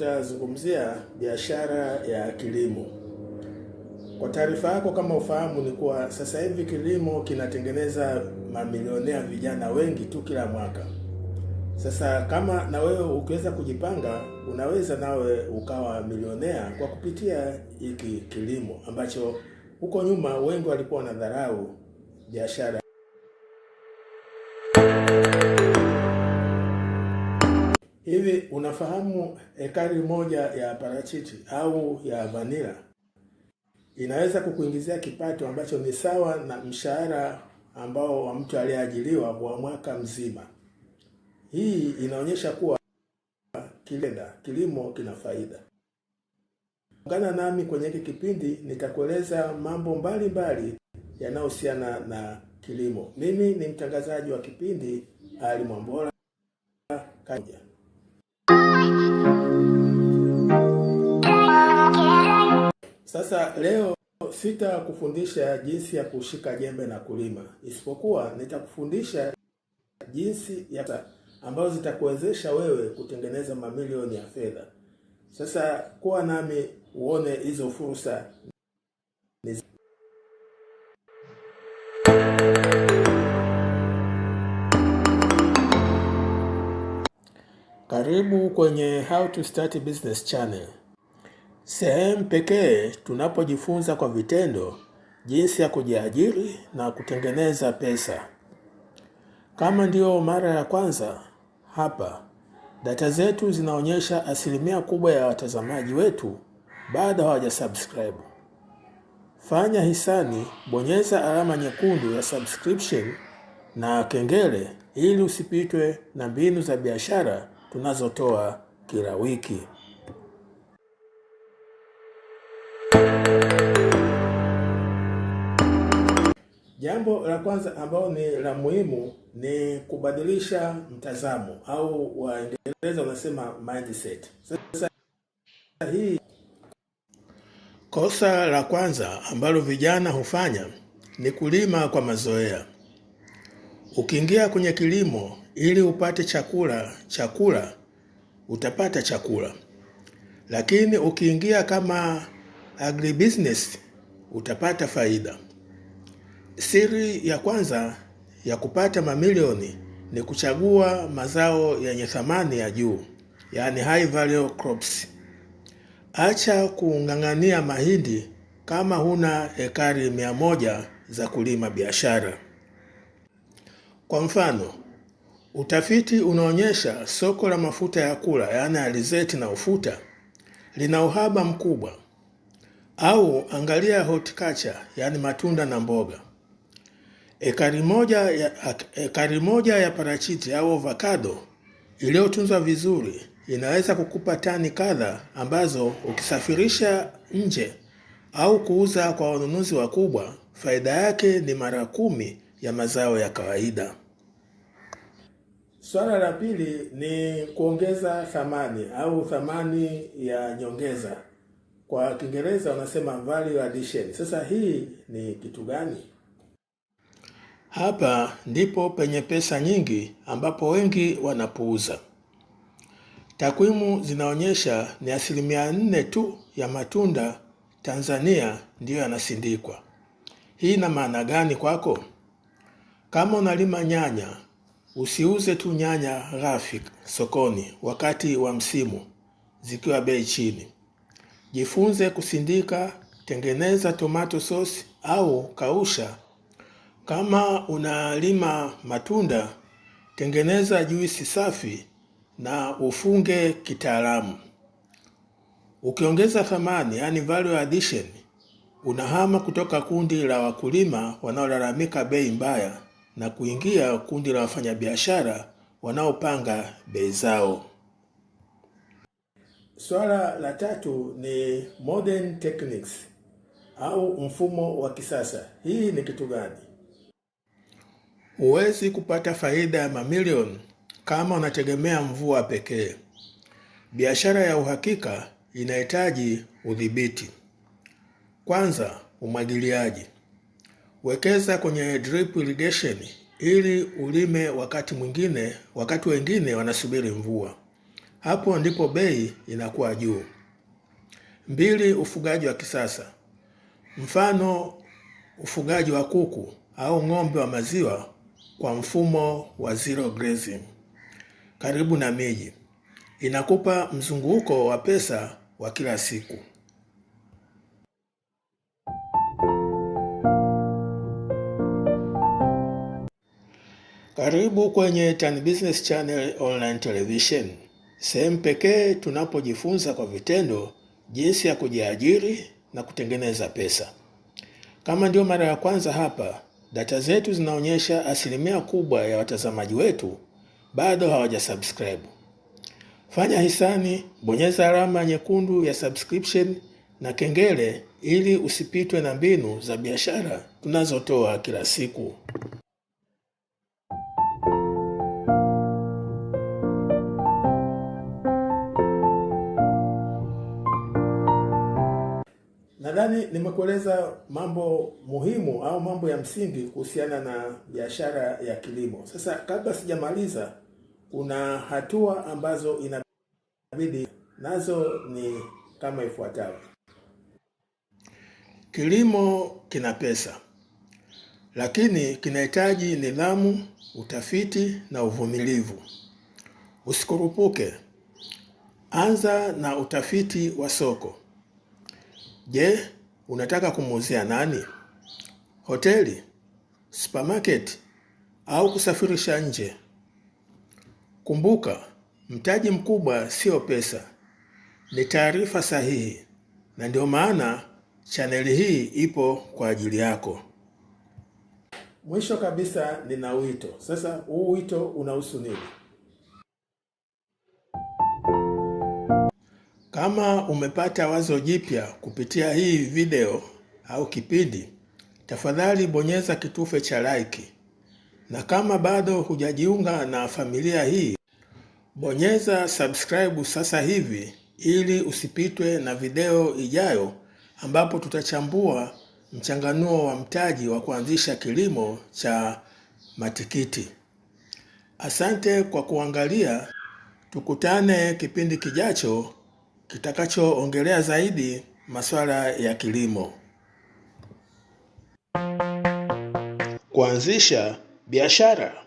tutazungumzia biashara ya kilimo. Kwa taarifa yako, kama ufahamu, ni kuwa sasa hivi kilimo kinatengeneza mamilionea vijana wengi tu kila mwaka. Sasa kama na wewe ukiweza kujipanga, unaweza nawe ukawa milionea kwa kupitia hiki kilimo ambacho huko nyuma wengi walikuwa wanadharau biashara. Hivi unafahamu ekari moja ya parachichi au ya vanila inaweza kukuingizia kipato ambacho ni sawa na mshahara ambao wa mtu aliyeajiriwa wa mwaka mzima. Hii inaonyesha kuwa kilenda kilimo kina faida. Ungana nami kwenye hiki kipindi, nitakueleza mambo mbalimbali yanayohusiana na kilimo. Mimi ni mtangazaji wa kipindi Ali Mwambola kaja. Sasa leo sitakufundisha jinsi ya kushika jembe na kulima, isipokuwa nitakufundisha jinsi ya ambazo zitakuwezesha wewe kutengeneza mamilioni ya fedha. Sasa kuwa nami uone hizo fursa. Karibu kwenye How to Start a Business channel sehemu pekee tunapojifunza kwa vitendo jinsi ya kujiajiri na kutengeneza pesa. Kama ndiyo mara ya kwanza hapa, data zetu zinaonyesha asilimia kubwa ya watazamaji wetu bado hawajasubscribe. Fanya hisani, bonyeza alama nyekundu ya subscription na kengele ili usipitwe na mbinu za biashara tunazotoa kila wiki. Jambo la kwanza ambalo ni la muhimu ni kubadilisha mtazamo au Waingereza wanasema mindset. Sasa hii kosa la kwanza ambalo vijana hufanya ni kulima kwa mazoea. Ukiingia kwenye kilimo ili upate chakula, chakula utapata chakula, lakini ukiingia kama agribusiness utapata faida. Siri ya kwanza ya kupata mamilioni ni kuchagua mazao yenye thamani ya juu, yaani high value crops. Acha kung'ang'ania mahindi kama huna ekari mia moja za kulima biashara. Kwa mfano, utafiti unaonyesha soko la mafuta ya kula, yaani alizeti na ufuta, lina uhaba mkubwa. Au angalia horticulture, yaani matunda na mboga. Ekari moja ya, ekari moja ya parachichi au avocado iliyotunzwa vizuri inaweza kukupa tani kadha ambazo ukisafirisha nje au kuuza kwa wanunuzi wakubwa, faida yake ni mara kumi ya mazao ya kawaida. Swala la pili ni kuongeza thamani au thamani ya nyongeza. Kwa Kiingereza wanasema value addition. Sasa hii ni kitu gani? Hapa ndipo penye pesa nyingi ambapo wengi wanapuuza. Takwimu zinaonyesha ni asilimia nne tu ya matunda Tanzania ndiyo yanasindikwa. Hii ina maana gani kwako? Kama unalima nyanya, usiuze tu nyanya ghafi sokoni wakati wa msimu zikiwa bei chini. Jifunze kusindika, tengeneza tomato sauce au kausha kama unalima matunda, tengeneza juisi safi na ufunge kitaalamu. Ukiongeza thamani, yani value addition, unahama kutoka kundi la wakulima wanaolalamika bei mbaya na kuingia kundi la wafanyabiashara wanaopanga bei zao. Swala la tatu ni modern techniques au mfumo wa kisasa. Hii ni kitu gani? Huwezi kupata faida ya mamilioni kama unategemea mvua pekee. Biashara ya uhakika inahitaji udhibiti. Kwanza, umwagiliaji. Wekeza kwenye drip irrigation ili ulime wakati mwingine, wakati wengine wanasubiri mvua. Hapo ndipo bei inakuwa juu. Mbili, ufugaji wa kisasa. Mfano, ufugaji wa kuku au ng'ombe wa maziwa kwa mfumo wa zero grazing karibu na miji, inakupa mzunguko wa pesa wa kila siku. Karibu kwenye Tan Business Channel Online Television, sehemu pekee tunapojifunza kwa vitendo jinsi ya kujiajiri na kutengeneza pesa. Kama ndio mara ya kwanza hapa Data zetu zinaonyesha asilimia kubwa ya watazamaji wetu bado hawajasubscribe. Fanya hisani, bonyeza alama nyekundu ya subscription na kengele ili usipitwe na mbinu za biashara tunazotoa kila siku. Nadhani nimekueleza mambo muhimu au mambo ya msingi kuhusiana na biashara ya kilimo. Sasa kabla sijamaliza, kuna hatua ambazo inabidi nazo ni kama ifuatavyo. Kilimo kina pesa, lakini kinahitaji nidhamu, utafiti na uvumilivu. Usikurupuke, anza na utafiti wa soko. Je, unataka kumuuzia nani? Hoteli, supermarket au kusafirisha nje? Kumbuka, mtaji mkubwa siyo pesa, ni taarifa sahihi, na ndio maana chaneli hii ipo kwa ajili yako. Mwisho kabisa, nina wito sasa. Huu wito unahusu nini? Kama umepata wazo jipya kupitia hii video au kipindi, tafadhali bonyeza kitufe cha like, na kama bado hujajiunga na familia hii, bonyeza subscribe sasa hivi ili usipitwe na video ijayo ambapo tutachambua mchanganuo wa mtaji wa kuanzisha kilimo cha matikiti. Asante kwa kuangalia, tukutane kipindi kijacho kitakachoongelea zaidi masuala ya kilimo. Kuanzisha biashara.